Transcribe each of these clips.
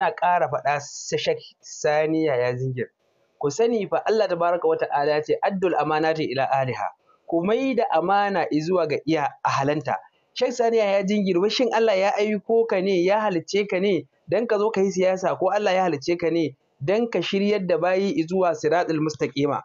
yana ƙara faɗa Sheikh Saniya ya Zingir. Ku sani fa Allah tabaraka wa ta'ala ya ce addul amanati ila aliha. Ku mai da amana izuwa ga iya ahalanta. halanta. Shek Saniya Zingir wai shin Allah ya aiko ka ne ya halicce ka ne dan ka zo ka yi siyasa ko Allah ya halicce ka ne dan ka shiryar da bayi izuwa siratul mustaqima.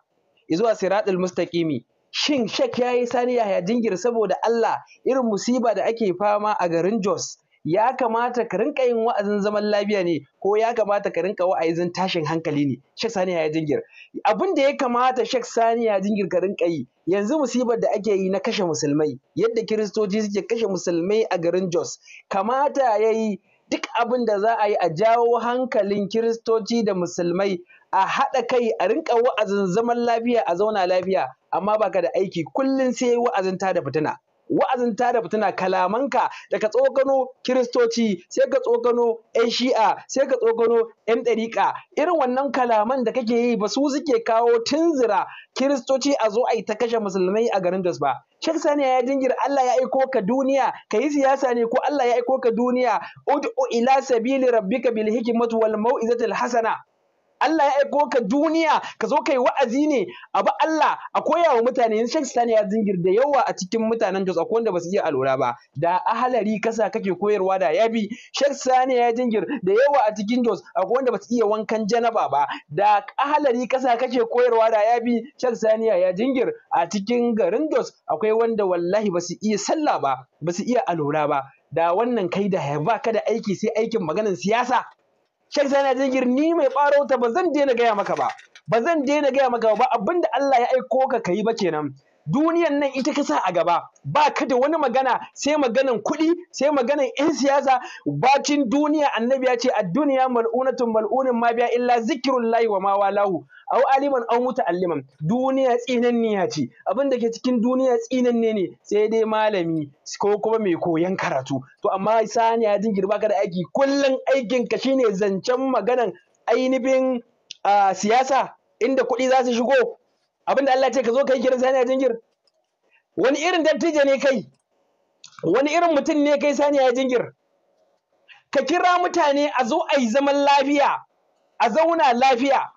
Izuwa siratul mustaqimi. Shin Sheikh yayi Sani ya Jingir saboda Allah irin musiba da ake fama a garin Jos ya kamata ka rinka yin wa'azin zaman lafiya ne ko ya kamata ka rinka wa'azin tashin hankali ne Sheikh Sani ya jingir abin da ya kamata Sheikh Sani ya jingir ka rinka yi yanzu musibar da ake yi na kashe musulmai yadda kiristoci suke kashe musulmai a garin Jos kamata ya yi duk abin da za a yi a jawo hankalin kiristoci da musulmai a haɗa kai a rinka wa'azin zaman lafiya a zauna lafiya amma baka da aiki kullum sai wa'azin ta da fitina wa'azin tada fitina kalamanka kalaman ka tsokano kiristoci sai ka tsokano 'yan shi'a sai ka tsokano 'yan ɗariƙa irin wannan kalaman da kake yi ba su suke kawo tunzira kiristoci a zo a yi ta kashe musulmai a garin das ba shek Saniya ya jingira Allah ya aiko ka duniya ka yi siyasa ne ko Allah ya aiko ka duniya ud'u ila sabili rabbika bil hikmati wal mau'izatil hasana Allah ya aiko ka duniya ka zo kai wa'azi ne abu Allah a koya wa mutane yanzu shan Sani ya zingir da yawa a cikin mutanen Jos akwai wanda ba su iya alura ba da ahalari kasa kake koyarwa da yabi shan Sani ya zingir da yawa a cikin Jos akwai wanda ba su iya wankan janaba ba da ahalari kasa kake koyarwa da yabi shan Sani ya zingir a cikin garin Jos akwai wanda wallahi ba su iya sallah ba ba su iya alura ba da wannan kai da ba ka da aiki sai aikin maganar siyasa Sheikh Sani Jingir ni mai ɓarauta ta ba zan daina gaya maka ba ba zan daina gaya maka ba abinda Allah ya aiko ka kai ba kenan duniyan nan ita ka sa a gaba ba ka da wani magana sai maganan kuɗi sai maganan 'yan siyasa bacin duniya annabi ya ce a duniya mal'unatun mal'unin ma biya illa layi wa mawa lahu au aliman muta alliman. duniya tsinanniya ce abin da ke cikin duniya tsinanne ne sai dai malami ko kuma mai koyan karatu to amma sani ya jingir baka da aiki kullum aikin ka shine zancen maganan ainihin ah, siyasa inda kuɗi za su shigo abinda Allah ce ka zo kai kiran saniya jingir wani irin dattijo ne kai wani irin mutum ne kai saniya jingir ka kira mutane a zo a yi zaman lafiya a zauna lafiya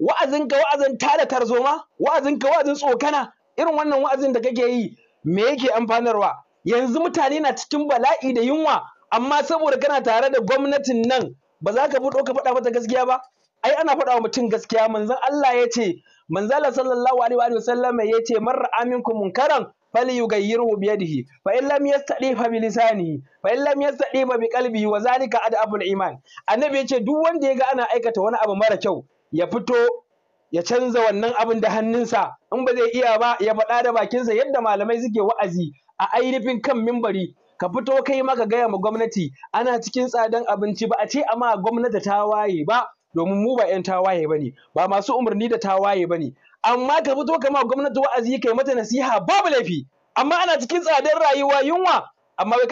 wa'azinka wa'azin tada tarzoma wa'azinka wa'azin tsokana irin wannan wa'azin da kake yi me yake amfanarwa yanzu mutane na cikin bala'i da yunwa amma saboda kana tare da gwamnatin nan ba za ka fito ka faɗa mata gaskiya ba ai ana faɗa wa mutum gaskiya manzon Allah ya ce manzala sallallahu alaihi wa sallam ya ce marra aminkum munkaran fali falyughayyirhu bi yadihi fa in lam yastadi fa bi lisani fa in lam yastadi fa bi qalbi wa zalika adabul iman annabi ya ce duk wanda ya ga ana aikata wani abu mara kyau ya fito ya canza wannan abin da hannunsa in ba zai iya ba ya faɗa da bakinsa yadda malamai suke wa'azi a ainihin kan mimbari ka fito kai maka gaya ma gwamnati ana cikin tsadan abinci ba a ce amma gwamnati ta waye ba domin mu ba 'yan tawaye ba ne ba masu umarni da tawaye ba ne amma ka fito kama gwamnati wa'azi kai mata nasiha babu laifi amma ana cikin tsadar rayuwa yunwa amma wai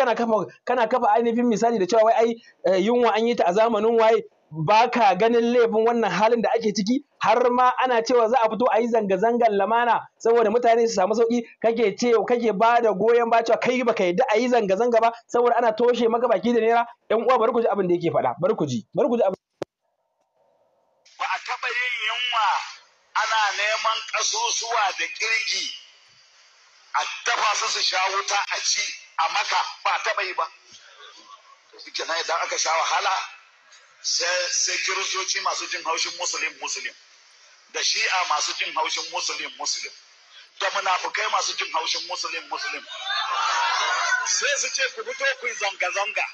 kana kafa ainihin misali da cewa wai ai eh, yunwa an yi ta a zamanin waye ba ka ganin laifin wannan halin da ake ciki har ma ana cewa za a fito a yi zanga-zangar lamana saboda mutane su samu sauki kake ce kake ba da goyon ba cewa kai baka yadda a yi zanga-zanga ba saboda ana toshe maka baki da naira yan uwa bari ku ji abin da yake faɗa bari ku ji bari ku ji abin ba a taɓa yin yunwa ana neman ƙasusuwa da ƙirgi a dafa su su sha wuta a ci a maka ba a taɓa yi ba suke na idan aka sha wahala sai kiristoci masu jin haushin musulun musulun da shi'a masu jin haushin musulun musulun da munafukai masu jin haushin musulun musulun sai su ce ku fito ku yi zanga-zanga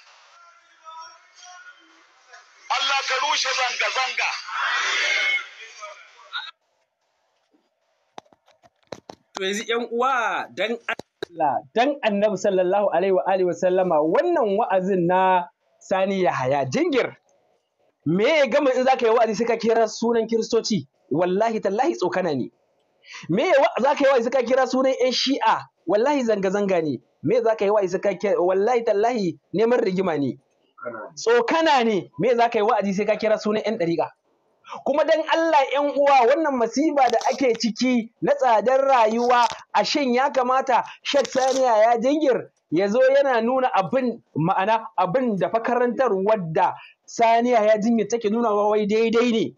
Allah ka rushe zanga-zanga To yanzu ‘yan uwa dan Allah Annabi sallallahu alaihi wa alihi sallama wannan wa'azin na Sani ya haya jingir me ya gama in zaka yi wa'azi sai ka kira sunan kiristoci wallahi tallahi tsokana ne me ya zaka yi wa'azi sai ka kira sunan ‘yan shi'a wallahi zanga zanga ne me zaka yi wa'azi sai ka kira wallahi tallahi neman rigima ne tsokana ne me zaka yi wa'azi sai ka kira sunan ‘yan ɗariƙa kuma dan Allah ƴan uwa wannan masiba da ake ciki na tsadar rayuwa a shin ya kamata Sheikh Saniya ya jingir ya zo yana nuna abin ma'ana abin da fakarantar wadda Saniya ya jingir take nuna wai daidai ne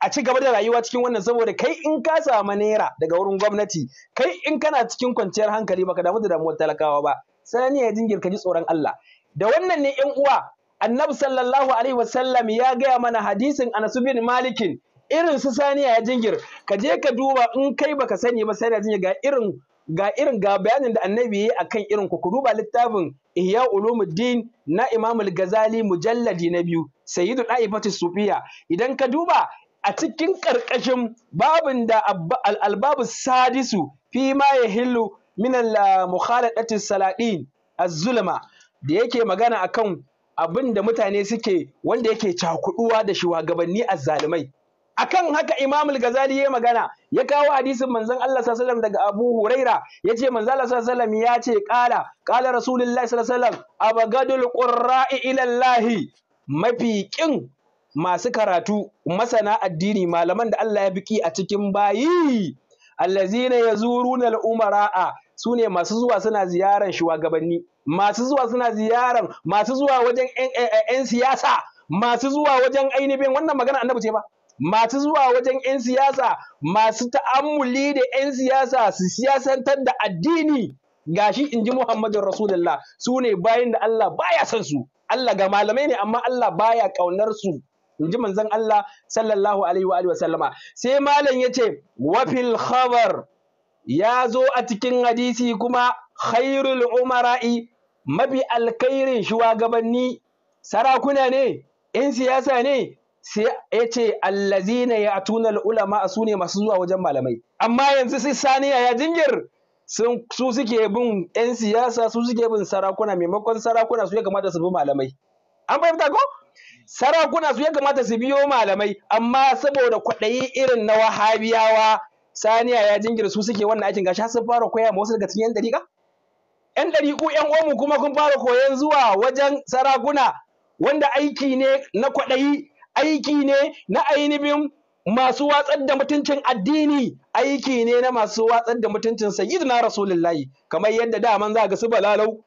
a ci gaba da rayuwa cikin wannan saboda kai in ka samu naira daga wurin gwamnati kai in kana cikin kwanciyar hankali baka damu da damuwar talakawa ba Saniya ya jingir ka ji tsoron Allah da wannan ne ƴan uwa annabi sallallahu alaihi wasallam ya gaya mana hadisin Anas bin Malikin irin su saniya ya jingir ka je ka duba in kai baka sani ba saniya jingir ga irin ga irin ga bayanin da annabi yayi akan irin ku duba littafin Ihya Ulumuddin na Imam Al-Ghazali mujalladi na biyu Sayyidu Daifatu Sufiya idan ka duba a cikin karkashin babin da al-albabu sadisu fi ma yahillu min al-mukhalatati salatin az-zulma da yake magana akan abin da mutane suke wanda yake cakuduwa da shugabanni azzalumai akan haka Imam Al-Ghazali ya magana ya kawo hadisin manzon Allah sallallahu alaihi wasallam daga Abu Huraira yace manzon Allah sallallahu alaihi wasallam yace qala qala Rasulullahi sallallahu alaihi wasallam abagadul qurra'i ila Allah mafi masu karatu masana addini malaman da Allah ya biki a cikin bayi allazina yazuruna al-umara'a sune masu zuwa suna ziyaran shugabanni masu zuwa suna ziyarar masu zuwa wajen yan siyasa masu zuwa wajen ainihin wannan magana annabi ce ba masu zuwa wajen 'yan siyasa masu ta'ammuli da 'yan siyasa su siyasantar da addini gashi in ji Muhammadin Rasulullah su ne bayan da Allah baya son su Allah ga malamai ne amma Allah baya kaunar su in ji manzon Allah sallallahu alaihi wa alihi wasallama sai malam yace wa fil khabar ya zo a cikin hadisi kuma khairul umara'i mafi alkairin shugabanni sarakuna ne ‘yan siyasa ne sai ya ce allazina ya tunal ulama su ne masu zuwa wajen malamai amma yanzu sai saniya ya jingir su suke bin ‘yan siyasa su suke bin sarakuna maimakon sarakuna su ya kamata su bi malamai an fahimta ko sarakuna su ya kamata su biyo malamai amma saboda kwaɗayi irin na wahabiyawa saniya ya jingir su suke wannan aikin gashi har sun fara koya ma wasu daga cikin yan dariƙa 'yan ɗariƙu 'yan omu kuma kun fara koyon zuwa wajen sarakuna wanda aiki ne na kwaɗayi aiki ne na ainihin masu watsar da mutuncin addini aiki ne na masu watsar da mutuncin na rasulullahi kamar yadda daman za ga su balalau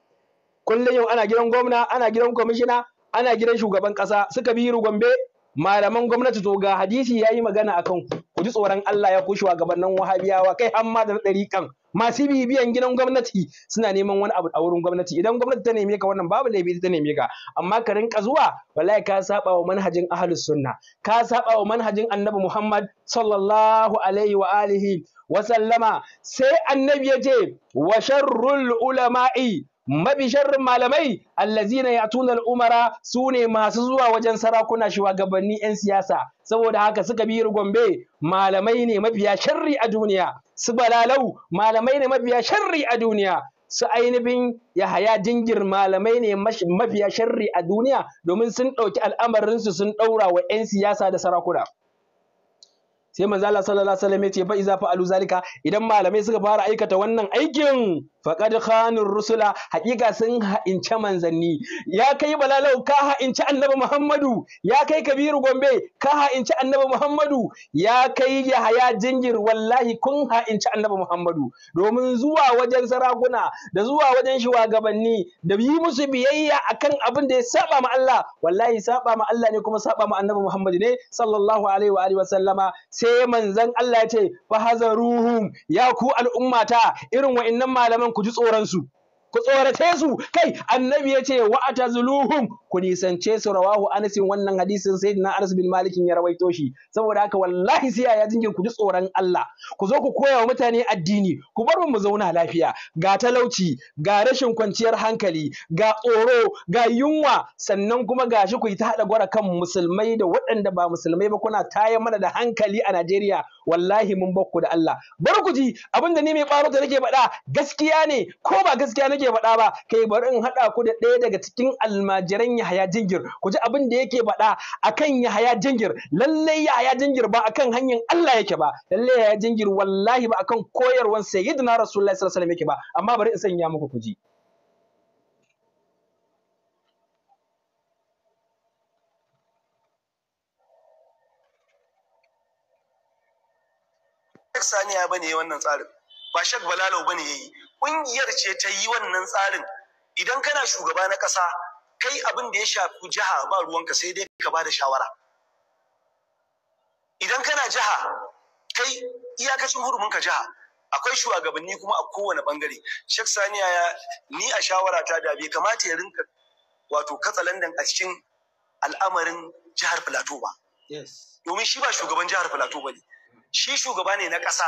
kullum yau ana gidan gwamna ana gidan kwamishina ana gidan shugaban ƙasa suka biyu gombe malaman gwamnati to ga hadisi ya yi magana akan ku ji tsoron Allah ya ku gabanin wahabiyawa kai hamma da ɗariƙan masu bibiyan gidan gwamnati suna neman wani abu a wurin gwamnati idan gwamnati ta neme ka wannan babu laifi ta neme ka amma ka rinka zuwa wallahi ka saba wa manhajin ahlus sunna ka saba wa manhajin annabi Muhammad sallallahu alaihi wa alihi wa sallama sai annabi ya ce wa sharrul ulama'i mafi sharrin malamai allazina yatuna al-umara sune masu zuwa wajen sarakuna shugabanni yan siyasa saboda haka suka bi gombe malamai ne mafiya sharri a duniya su balalau malamai ne mafiya sharri a duniya su ainihin yahaya jingir malamai ne mafiya sharri a duniya domin sun ɗauki al'amarinsu sun ɗaura wa 'yan siyasa da sarakuna sai manzo Allah sallallahu alaihi wasallam ya ce fa iza fa'alu zalika idan malamai suka fara aikata wannan aikin faqad khanur rusula haƙiƙa sun ha'ince manzanni ya kai balalau ka ha'ince annabi Muhammadu ya kai kabiru gombe ka ha'ince annabi Muhammadu ya kai yahaya jingir wallahi kun ha'ince annabi Muhammadu domin zuwa wajen sarakuna da zuwa wajen shugabanni da yi musu biyayya akan abin da ya saba ma Allah wallahi saba ma Allah ne kuma saba ma annabi Muhammadu ne sallallahu alaihi wa alihi wa sai manzon Allah ya ce fahazaruhum ya ku al'ummata irin wa'annan malaman ku ji tsoron su ku tsorace su kai annabi ya ce wa ku nisance su rawahu Anas wannan hadisin sayyidina Anas bin Malik ya rawaito shi saboda haka wallahi sai ya jingin ku ji tsoron Allah ku zo ku koya wa mutane addini ku bar mu zauna lafiya ga talauci ga rashin kwanciyar hankali ga tsoro ga yunwa sannan kuma gashi ku yi ta haɗa gwara kan musulmai da waɗanda ba musulmai ba kuna tayar mana da hankali a Najeriya wallahi mun bakku da Allah bar ku ji abinda ni mai ɓaro da nake faɗa gaskiya ne ko ba gaskiya nake faɗa ba kai bari in haɗa ku da ɗaya daga cikin almajiran Yahaya Jingir ku ji abin da yake faɗa akan Yahaya Jingir lalle Yahaya Jingir ba akan hanyar Allah yake ba lalle Yahaya Jingir wallahi ba akan koyarwan sayyidina Rasulullahi sallallahu alaihi wasallam yake ba amma bari in sanya muku ku ji Saniya bane wannan tsarin ba shak Balalo bane yayi kungiyar ce ta yi wannan tsarin idan kana shugaba na kasa kai abin da ya shafi jiha ba ruwanka sai dai ka bada shawara idan kana jiha kai iyakacin hurumin ka jiha akwai shugabanni kuma a kowane bangare shek saniya ya ni a shawara ta da bai kamata ya rinka wato katsalandan a cikin al'amarin jihar filato ba domin shi ba shugaban jihar filato ba ne shi shugaba ne na ƙasa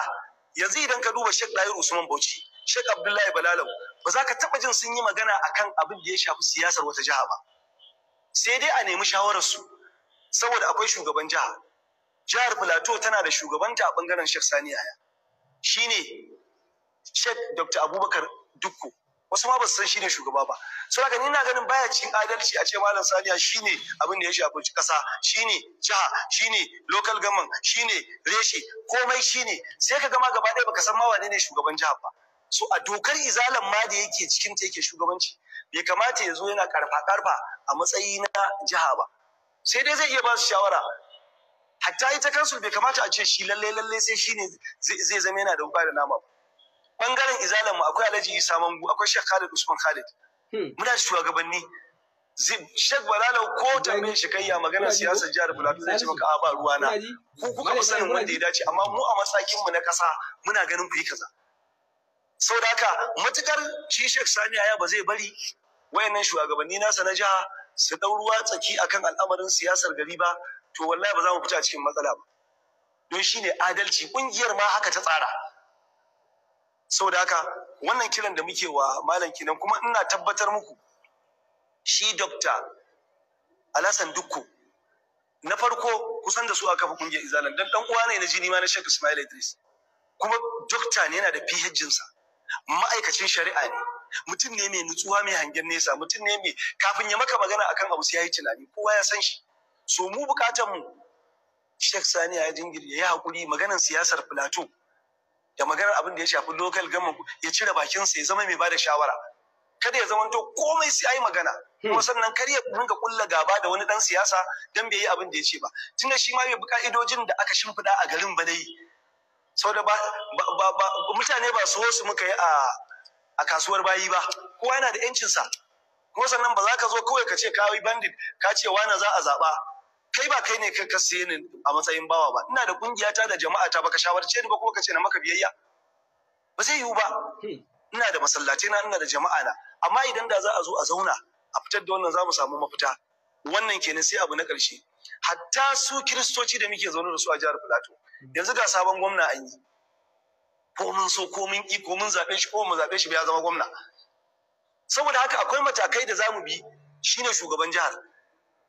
yanzu idan ka duba shek ɗayar usman bauchi Sheikh Abdullahi Balalau ba za ka taɓa jin sun yi magana akan abin da ya shafi siyasar wata jiha ba. Sai dai a nemi shawararsu saboda akwai shugaban jiha. Jihar Filato tana da shugabanta a bangaren Sheikh Sani Yaya. Shi ne Sheikh Dr. Abubakar Dukko. Wasu ma ba su san shi ne shugaba ba. So haka ni na ganin baya cikin adalci a ce Malam Saniya shi ne abin da ya shafi ƙasa, shi ne jiha, shi ne local government, shi reshe, komai shi Sai ka gama gaba ɗaya baka san ma wane ne shugaban jihar ba. so a dokar izalan ma da yake cikin ta yake shugabanci bai kamata ya zo yana karfa karfa a matsayi na jiha ba sai dai zai iya ba su shawara hatta ita kansu bai kamata a ce shi lalle lalle sai shi ne zai zama yana da wuka da nama ba bangaren izalan mu akwai alhaji isa mangu akwai shek khalid usman khalid hmm. muna da shugabanni shek balala ko tambayar mai shikayya maganar siyasar jihar bulatu zai ce maka a ba ruwana ku kuka fi sanin wanda ya dace amma mu a matsakin mu na kasa muna ganin ku yi kaza so da haka matukar shi Sheikh Sani Aya ba zai bari wayannan shugabanni nasa na jiha su dau ruwa tsaki akan al'amarin siyasar gari ba to wallahi ba za mu fita cikin matsala ba don shine adalci kungiyar ma haka ta tsara da haka wannan kiran da muke wa malam kenan kuma ina tabbatar muku shi dokta alasan dukku na farko kusan da su aka fi kungiyar izalan dan dan uwa ne na jini ma na Sheikh Ismail Idris kuma dokta ne yana da PhD sa ma'aikacin shari'a ne mutum ne mai nutsuwa mai hangen nesa mutum ne mai kafin ya maka magana akan abu sai ya yi tunani kowa ya san shi so mu bukatan mu Sheikh Sani ya jingiri ya yi hakuri maganar siyasar plateau da maganar abin da ya shafi local government ya cire bakinsa ya zama mai bada shawara kada ya zamanto komai sai ai magana kuma sannan kar ya dinga kulla gaba da wani dan siyasa dan bai yi abin da ya ce ba tunda shi ma bai ka'idojin da aka shimfida a garin ba dai sau da mutane ba su wasu muka yi a kasuwar bayi ba kowa yana da yancinsa kuma sannan ba za ka zo kawai ka ce kawai bandit ka ce wani za a zaɓa kai ba kai ne ka ka ni a matsayin bawa ba ina da ƙungiyata da jama'a ta baka shawarce ni ba kuma ka ce na maka biyayya ba zai yiwu ba hmm. ina da masallaci na ina da jama'a na amma idan da za a zo a zauna a fitar da wannan za mu samu mafita wannan kenan sai abu na ƙarshe hatta su kiristoci da muke zaune da su a jihar Filato hmm. yanzu ga sabon gwamna an yi ko mun so ko mun ki ko mun zaɓe shi ko mun zaɓe shi ba ya zama gwamna saboda haka akwai matakai da za mu bi ne shugaban jihar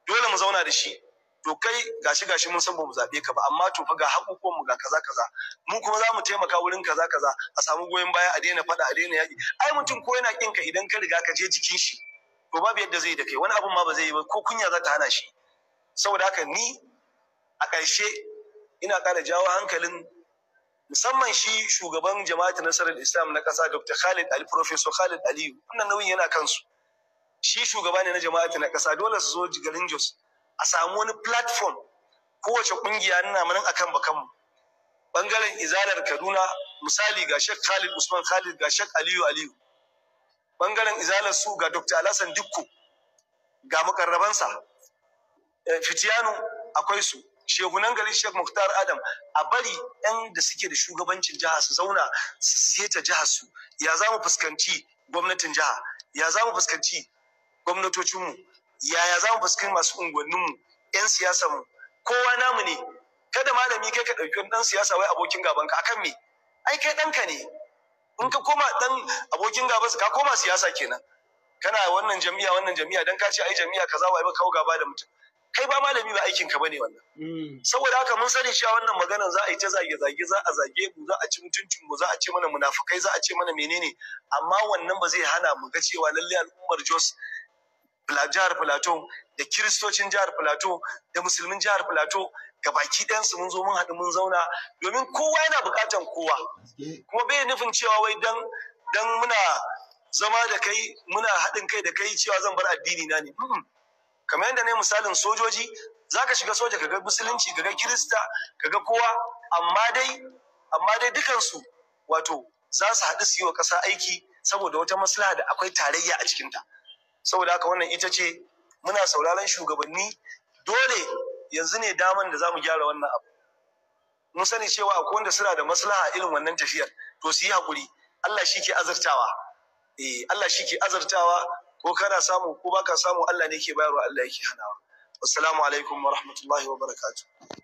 dole mu zauna da shi to kai gashi gashi mun san ba mu zaɓe ka ba amma to fa ga hakukuwan mu ga kaza kaza mu kuma za mu taimaka wurin kaza kaza a samu goyon baya a daina faɗa a daina yaƙi ai mutum ko yana kinka idan ka riga ka je jikin shi to babu yadda zai da kai wani abun ma ba zai yi ba ko kunya za ta hana shi saboda haka ni a ƙarshe ina ƙara jawo hankalin musamman shi shugaban jama'at nasarar islam na ƙasa dr khalid ali professor khalid aliyu wannan nauyin yana kansu shi shugaba ne na jama'at na ƙasa dole su zo garin jos a samu wani platform kowace ƙungiya nuna manan akan bakanmu Ɓangaren izalar kaduna misali ga shek khalid usman khalid ga shek aliyu aliyu Ɓangaren izalar su ga dr alhassan dukku ga makarrabansa Eh, fitiyanu akwai su shehunan garin Sheikh Muktar Adam a bari yan da suke da shugabancin jiha su zauna su seta jihar su ya za mu fuskanci gwamnatin jiha ya za mu fuskanci gwamnatocinmu yaya za mu fuskanci masu unguwanninmu yan siyasa mu kowa namu ne kada malami kai ka ɗauki wani ɗan siyasa wai abokin gaban ka akan me ai kai ɗanka ne in ka koma ɗan abokin gaban ka koma siyasa kenan kana wannan jami'a wannan jami'a dan ka ce ai jami'a kaza wai ba kawo gaba da mutum kai ba malami ba aikin ka bane wannan hmm. saboda haka mun sani cewa wannan maganar za a yi ta zage zage za a zage mu za a ci mutuncin mu za a ce mana munafukai za a ce mana menene amma wannan ba zai hana mu ga cewa lalle al'ummar Jos jihar Plateau da kiristocin jihar Plateau da musulmin jihar Plateau ga baki ɗansu mun zo mun haɗu mun zauna domin kowa yana buƙatan kowa kuma bai nufin cewa wai dan dan muna zama da kai muna haɗin kai da kai cewa zan bar addini na ne hmm. kamar yadda ne misalin sojoji Za ka shiga soja ka ga musulunci ka ga kirista ka ga kowa amma dai amma dai dukansu wato za su haɗu su yi wa ƙasa aiki saboda wata maslaha da akwai tarayya a cikinta saboda haka wannan ita ce muna sauraron shugabanni dole yanzu ne daman da za mu gyara wannan abu mun sani cewa akwai wanda suna da maslaha irin wannan tafiyar to su yi haƙuri Allah shi ke azurtawa eh Allah shi ke azurtawa ko kana samu ko baka samu Allah ne ke bayarwa Allah yake hanawa assalamu alaikum wa rahmatullahi wa barakatuh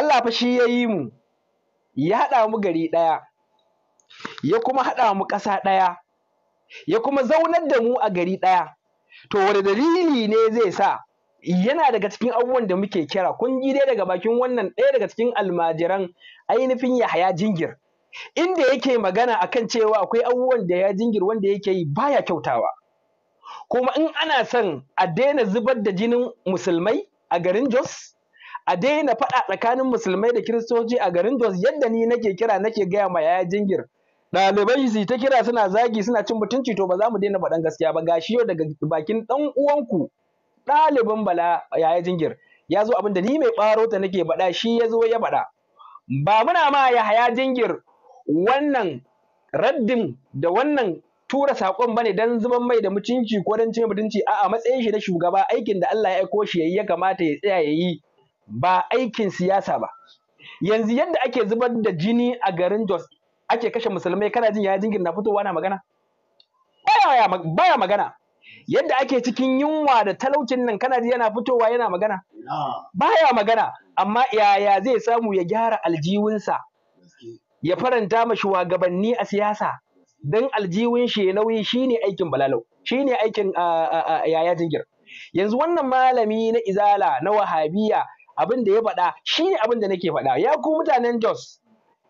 Allah fa shi ya yi mu ya haɗa mu gari ɗaya ya kuma haɗa mu ƙasa ɗaya ya kuma zaunar da mu a gari ɗaya to wani dalili ne zai sa yana daga cikin abubuwan da muke kira kun ji dai daga bakin wannan ɗaya daga cikin almajiran ainihin Yahaya Jingir inda yake magana akan cewa akwai abubuwan da ya jingir wanda yake yi baya kyautawa kuma in ana son a daina zubar da jinin musulmai a garin Jos a daina faɗa tsakanin musulmai da kiristoci a garin Jos yadda ni nake kira nake gaya ma yaya jingir ɗalibai su ta kira suna zagi suna cin mutunci to ba za mu daina faɗan gaskiya ba gashi yau daga bakin ɗan uwanku ɗalibin bala yaya jingir ya zo abin da ni mai ɓaro ta nake faɗa shi ya zo ya faɗa ba muna ma yahaya jingir wannan raddin da wannan tura saƙon bane dan zuban mai da mutunci ko dan cin mutunci a'a matsayin shi na shugaba aikin da Allah ya aiko shi yayi ya kamata ya tsaya yayi ba aikin siyasa ba yanzu yadda ake zubar da jini a garin Jos ake kashe musulmai kana jin yaya jingir na fitowa na magana baya magana yadda ake cikin yunwa da talaucin nan kana ji yana fitowa yana magana baya magana amma yaya zai samu ya gyara aljihunsa ya faranta ma shugabanni a siyasa Don aljiwin shi ya nauyi shine aikin balalau shine aikin yaya jingir yanzu wannan malami na izala na wahabiya abin da ya faɗa shine abin da nake faɗa ya ku mutanen Jos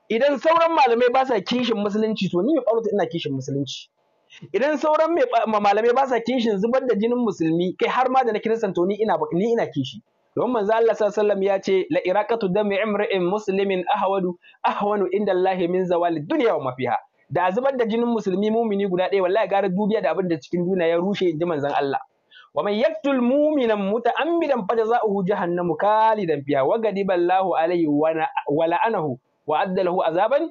idan sauran malamai ba sa kishin musulunci to ni mai ina kishin musulunci idan sauran malamai ba sa kishin zubar da jinin musulmi kai har ma da na kiristan to ni ina ni ina kishi don manzo Allah sallallahu ya ce la iraqatu dami imri'in muslimin ahwadu ahwanu inda Allah min zawal dunya wa mafiha da zubar da jinin musulmi mumini guda ɗaya wallahi gara dubiya da abin da cikin duniya ya rushe inji manzon Allah wa man yaqtul mu'minan muta'ammidan fajaza'uhu jahannamu khalidan fiha wa ghadiba Allahu alayhi wa la'anahu wa adda lahu azaban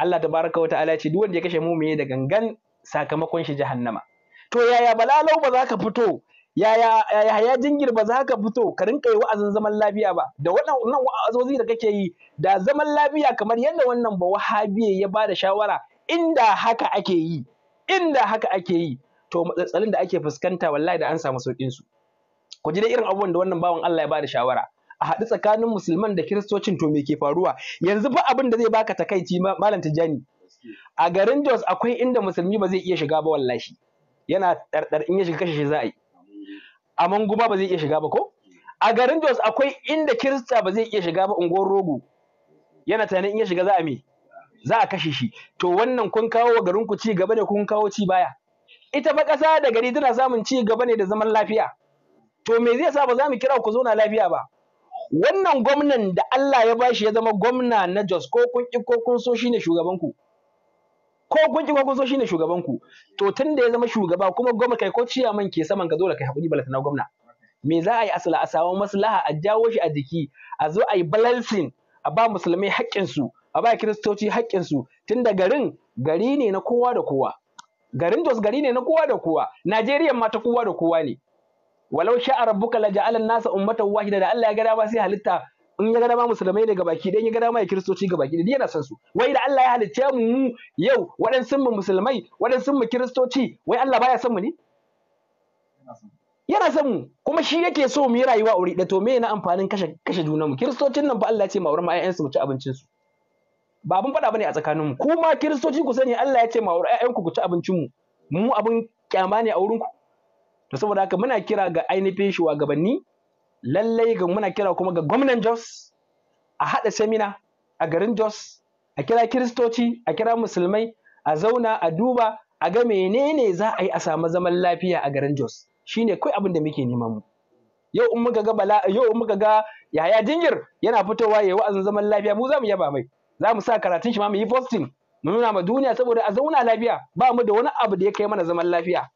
Allah tabaraka wa ta'ala ce duk wanda ya kashe mu'mini da gangan sakamakon shi jahannama to yaya balalau ba za ka fito yaya yaya jingir ba za ka fito ka rinka yi wa'azin zaman lafiya ba da wannan wa'azozi da kake yi da zaman lafiya kamar yadda wannan ba wahabiye ya bada shawara inda haka ake yi inda haka ake yi to matsatsalin da ake fuskanta wallahi da an samu saukin su ku ji dai irin abubuwan da wannan bawan Allah ya bada shawara a haɗu tsakanin musulman da kiristocin to me ke faruwa yanzu ba abin da zai baka takaici malam tijani a garin Jos akwai inda musulmi ba zai iya shiga ba wallahi yana ɗarɗar in ya shiga kashe shi za a yi a manguba ba zai iya shiga ba ko a garin Jos akwai inda kirista ba zai iya shiga ba unguwar rogo yana tunanin in ya shiga za a me za a kashe shi to wannan kun kawo wa garin ku ci gaba da kun kawo ci baya ita fa ƙasa da gari tana samun ci gaba ne da zaman lafiya to me zai sa ba za mu kira ku zauna lafiya ba wannan gwamnan da Allah ya bashi ya zama gwamna na Jos ko kun ki ko kun so shine shugaban ku ko kun ki ko kun so shine shugaban ku to da ya zama shugaba kuma gwamna kai ko man ke saman ka dole kai hakuri balata na gwamna me za a yi asala a samu maslaha a jawo shi a jiki a zo a yi balancing a ba musulmai haƙƙinsu a ba kiristoci haƙƙinsu tun da garin gari ne na kowa da kowa garin Jos gari ne na kowa da kowa Najeriya ma ta kowa da kowa ne walau sha'a rabbuka la ja'ala nasa ummatan wahida da Allah ya gada ba sai halitta in ya gada ma musulmai ne gabaki ɗaya ya gada ma ya kiristoci gabaki ɗaya yana son su wai da Allah ya halicce mu mu yau waɗansu mu musulmai waɗansu mu kiristoci wai Allah baya son mu ne yana son mu kuma shi yake so mu yi rayuwa uri da to me na amfanin kashe kashe junan mu kiristocin nan fa Allah ya ce ma wurin 'ya'yansu mu ci abincin su ba abin faɗa bane a tsakaninmu ku ma kiristoci ku sani Allah ya ce ma ƴaƴanku ku ci abincin mu mu abin kyama ne a wurin ku to saboda haka muna kira ga ainihin shugabanni lallai ga muna kira kuma ga gwamnan Jos a haɗa semina a garin Jos a kira kiristoci a kira musulmai a zauna a duba a ga menene za a yi a samu zaman lafiya a garin Jos shine kai abin da muke neman mu yau in muka ga bala yau in muka ga yaya jingir yana fitowa yayi wa'azin zaman lafiya mu za mu yaba mai za mu sa karatun shi ma mu yi posting mu nuna ma duniya saboda a zauna lafiya ba mu da wani abu da ya kai mana zaman lafiya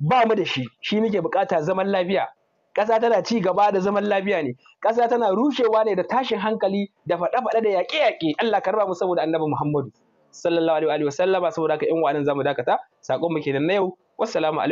ba mu da shi shi muke bukata zaman lafiya ƙasa tana ci gaba da zaman lafiya ne ƙasa tana rushewa ne da tashin hankali da faɗa-faɗa da yaƙe-yaƙe Allah ka raba mu saboda annabi Muhammadu sallallahu alaihi wa sallama saboda ka ƴan wa'anan zamu dakata sakon mu kenan na yau wassalamu alaikum